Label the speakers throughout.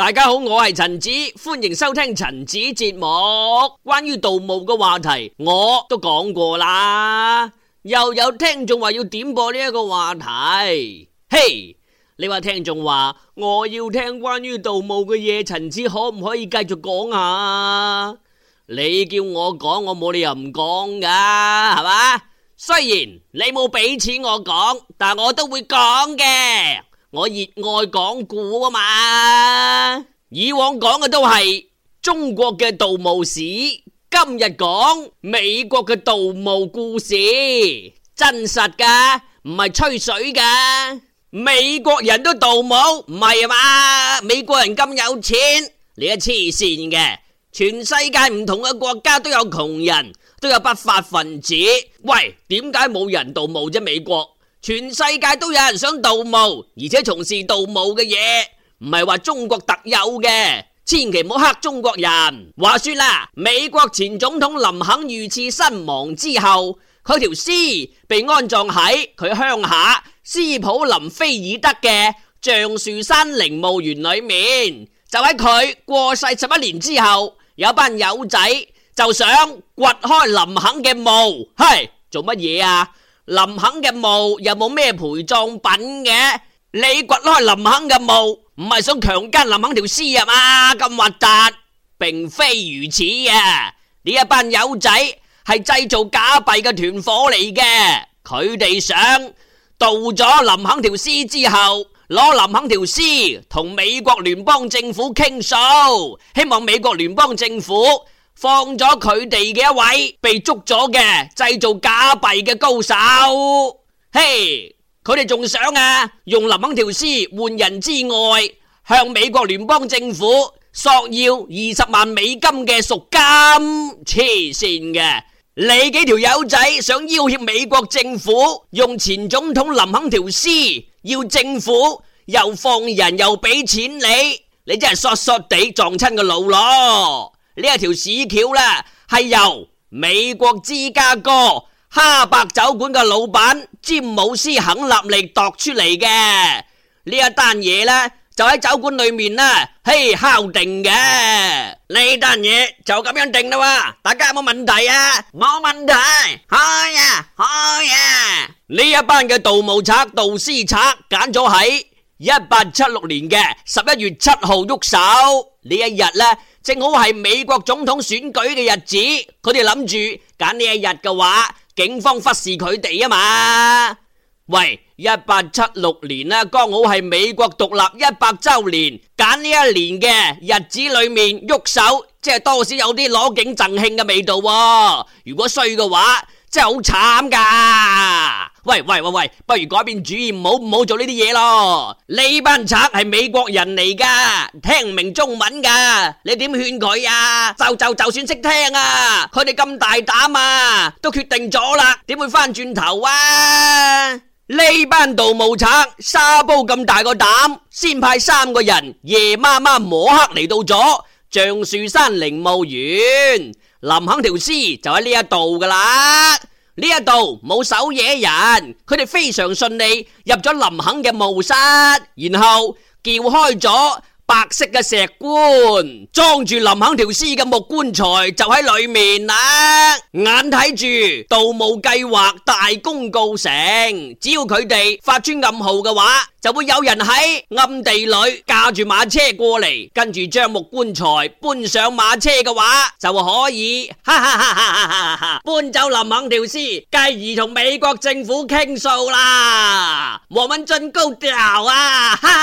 Speaker 1: 大家好，我係陳子，歡迎收聽陳子節目。關於盜墓嘅話題，我都講過啦。又有聽眾話要點播呢一個話題。嘿，你話聽眾話我要聽關於盜墓嘅嘢，陳子可唔可以繼續講啊？你叫我講，我冇理由唔講噶，係嘛？雖然你冇俾錢我講，但我都會講嘅。我熱愛講古啊嘛，以往講嘅都係中國嘅盜墓史，今日講美國嘅盜墓故事，真實噶，唔係吹水噶。美國人都盜墓，唔係啊嘛？美國人咁有錢，你啲黐線嘅，全世界唔同嘅國家都有窮人，都有不法分子。喂，點解冇人盜墓啫？美國？全世界都有人想盜墓，而且從事盜墓嘅嘢，唔係話中國特有嘅，千祈唔好黑中國人。話說啦，啊，美國前總統林肯遇刺身亡之後，佢條屍被安葬喺佢鄉下斯普林菲爾德嘅橡樹山陵墓園裏面。就喺佢過世十一年之後，有班友仔就想掘開林肯嘅墓，係、hey，做乜嘢啊？林肯嘅墓有冇咩陪葬品嘅？你掘開林肯嘅墓，唔係想強奸林肯條屍啊嘛？咁核突，並非如此啊！呢一班友仔係製造假幣嘅團伙嚟嘅，佢哋想盜咗林肯條屍之後，攞林肯條屍同美國聯邦政府傾數，希望美國聯邦政府。放咗佢哋嘅一位被捉咗嘅製造假幣嘅高手，嘿，佢哋仲想啊，用林肯條屍換人之外，向美國聯邦政府索要二十萬美金嘅贖金，黐線嘅，你幾條友仔想要挾美國政府，用前總統林肯條屍要政府又放人又畀錢你，你真係傻傻地撞親個腦咯！市呢一條屎橋啦，係由美國芝加哥哈伯酒館嘅老闆詹姆姆斯肯立力度出嚟嘅。一呢一單嘢呢就喺酒館裏面呢，嘿敲定嘅。呢單嘢就咁樣定啦，喎！大家有冇問題啊？冇問題。開呀，開呀！呢一班嘅盜墓賊、盜屍賊揀咗喺一八七六年嘅十一月七號喐手呢一日呢。正好係美國總統選舉嘅日子，佢哋諗住揀呢一日嘅話，警方忽視佢哋啊嘛。喂，一八七六年啦，剛好係美國獨立一百週年，揀呢一年嘅日子裏面喐手，即係多少有啲攞景贈慶嘅味道，啊。如果衰嘅話，即係好慘噶。喂喂喂喂，不如改變主意，唔好唔好做呢啲嘢咯。呢班賊係美國人嚟噶，聽唔明中文噶，你點勸佢啊？就就就算識聽啊，佢哋咁大膽啊，都決定咗啦，點會返轉頭啊？呢班盜墓賊沙煲咁大個膽，先派三個人夜媽媽摸黑嚟到咗橡樹山陵墓園，林肯條屍就喺呢一度噶啦。呢一度冇守夜人，佢哋非常順利入咗林肯嘅墓室，然後撬開咗。白色嘅石棺，裝住林肯條屍嘅木棺材就喺裏面啦。眼睇住盜墓計劃大功告成，只要佢哋發出暗號嘅話，就會有人喺暗地裏駕住馬車過嚟，跟住將木棺材搬上馬車嘅話，就可以哈哈哈哈哈哈搬走林肯條屍，繼而同美國政府傾數啦。我們真高調啊！哈。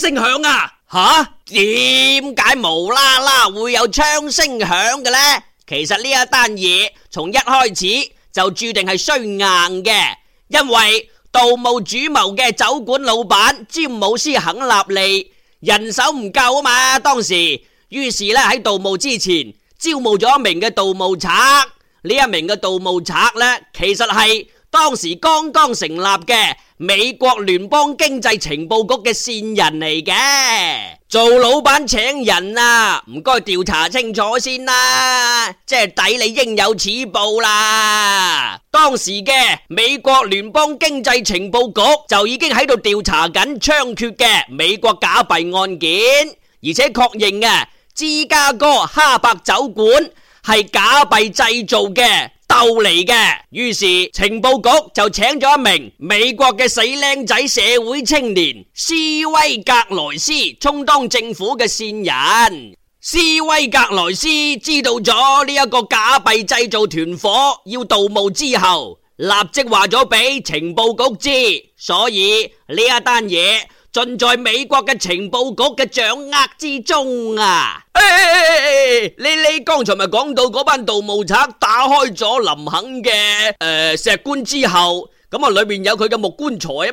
Speaker 1: 聲響啊！吓，點解無啦啦會有槍聲響嘅呢？其實呢一單嘢從一開始就注定係衰硬嘅，因為盜墓主謀嘅酒館老闆詹姆姆斯肯立利人手唔夠啊嘛，當時，於是呢喺盜墓之前招募咗一名嘅盜墓賊，呢一名嘅盜墓賊呢，其實係當時剛剛成立嘅。美國聯邦經濟情報局嘅線人嚟嘅，做老闆請人啊，唔該調查清楚先啦，即係抵你應有此報啦。當時嘅美國聯邦經濟情報局就已經喺度調查緊猖獗嘅美國假幣案件，而且確認嘅芝加哥哈伯酒館係假幣製造嘅。斗嚟嘅。於是情報局就請咗一名美國嘅死靚仔社會青年斯威格萊斯充當政府嘅線人。斯威格萊斯知道咗呢一個假幣製造團夥要盜墓之後，立即話咗俾情報局知，所以呢一單嘢。盡在美國嘅情報局嘅掌握之中啊！哎哎哎哎，你你，剛才咪講到嗰班盜墓賊打開咗林肯嘅，誒、呃、石棺之後，咁、嗯、啊裏面有佢嘅木棺材啊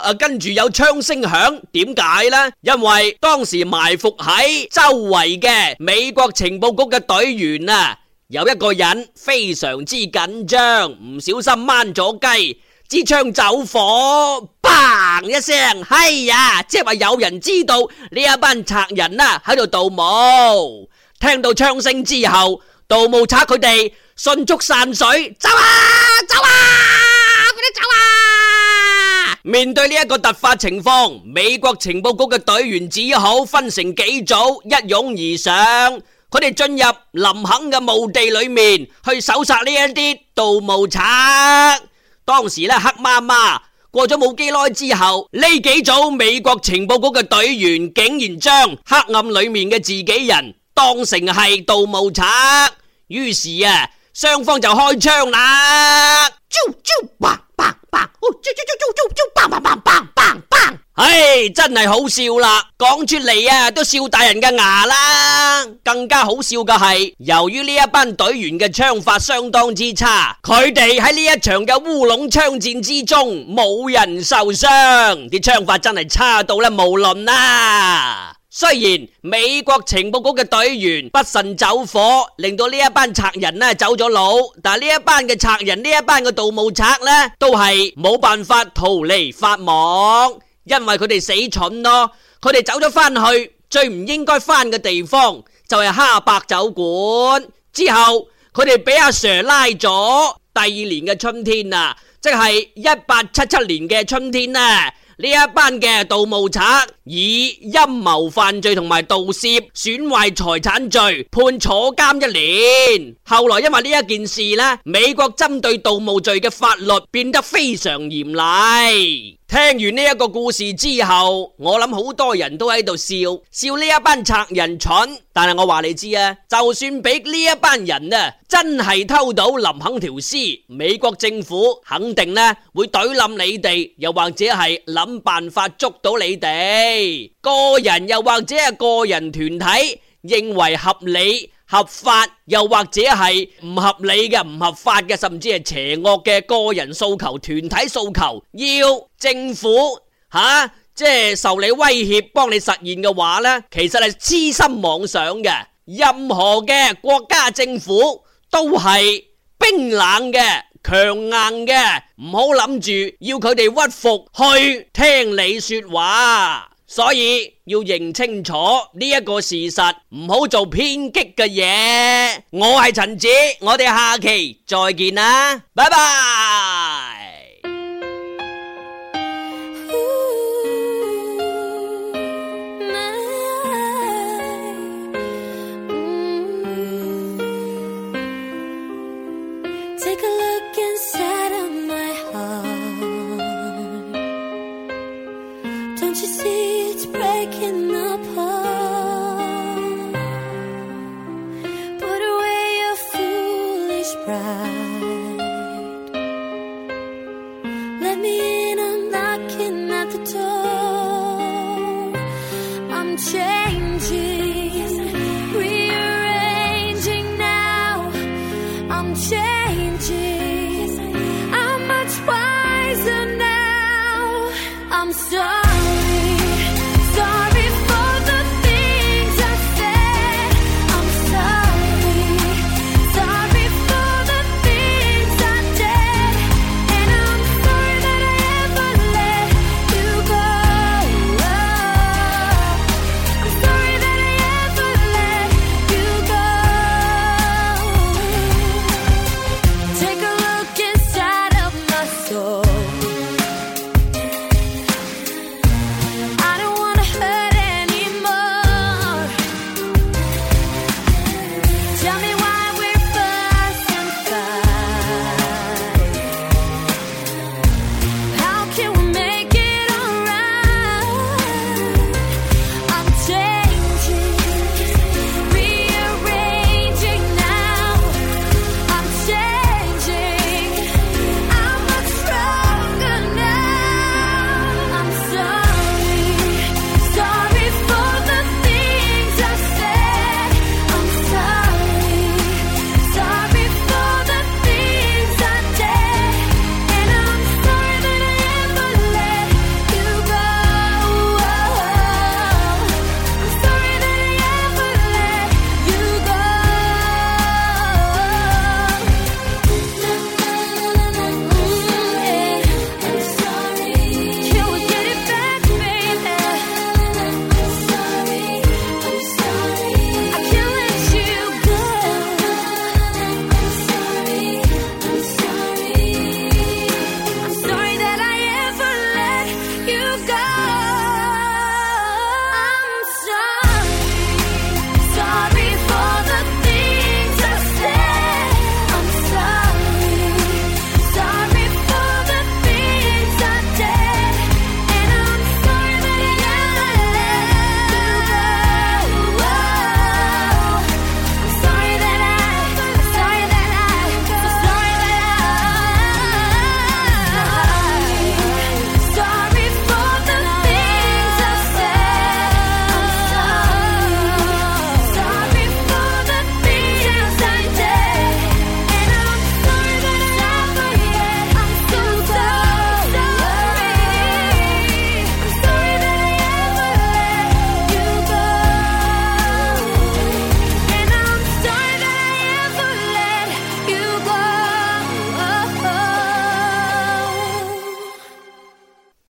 Speaker 1: 嘛，跟、啊、住有槍聲響，點解呢？因為當時埋伏喺周圍嘅美國情報局嘅隊員啊，有一個人非常之緊張，唔小心掹咗雞。支槍走火，砰一聲，哎呀，即係話有人知道呢一班賊人啊喺度盜墓。聽到槍聲之後，盜墓賊佢哋迅速散水，走啊走啊，佢哋走啊！面對呢一個突發情況，美國情報局嘅隊員只好分成幾組，一擁而上。佢哋進入林肯嘅墓地裏面去搜殺呢一啲盜墓賊。當時呢黑麻麻，過咗冇幾耐之後，呢幾組美國情報局嘅隊員竟然將黑暗裏面嘅自己人當成係盜墓賊，於是啊雙方就開槍啦。棒棒哦，唉、哎，真係好笑啦，講出嚟啊，都笑大人嘅牙啦。更加好笑嘅係，由於呢一班隊員嘅槍法相當之差，佢哋喺呢一場嘅烏龍槍戰之中冇人受傷，啲槍法真係差到咧無論啦。雖然美國情報局嘅隊員不慎走火，令到呢一班賊人呢走咗佬，但係呢一班嘅賊人呢一班嘅盜墓賊呢都係冇辦法逃離法網，因為佢哋死蠢咯。佢哋走咗翻去最唔應該翻嘅地方就係哈伯酒館，之後佢哋俾阿 Sir 拉咗。第二年嘅春天啊，即係一八七七年嘅春天啊。呢一班嘅盜墓賊以陰謀犯罪同埋盜竊損壞財產罪，判坐監一年。後來因為呢一件事呢，美國針對盜墓罪嘅法律變得非常嚴厲。聽完呢一個故事之後，我諗好多人都喺度笑笑呢一班賊人蠢。但係我話你知啊，就算俾呢一班人啊真係偷到林肯條屍，美國政府肯定呢會懟冧你哋，又或者係諗辦法捉到你哋。個人，又或者係個人團體認為合理。合法又或者係唔合理嘅、唔合法嘅，甚至係邪惡嘅個人訴求、團體訴求，要政府吓、啊、即係受你威脅，幫你實現嘅話呢，其實係癡心妄想嘅。任何嘅國家政府都係冰冷嘅、強硬嘅，唔好諗住要佢哋屈服去聽你說話。所以。要認清楚呢一個事實，唔好做偏激嘅嘢。我係陳子，我哋下期再見啦，拜拜。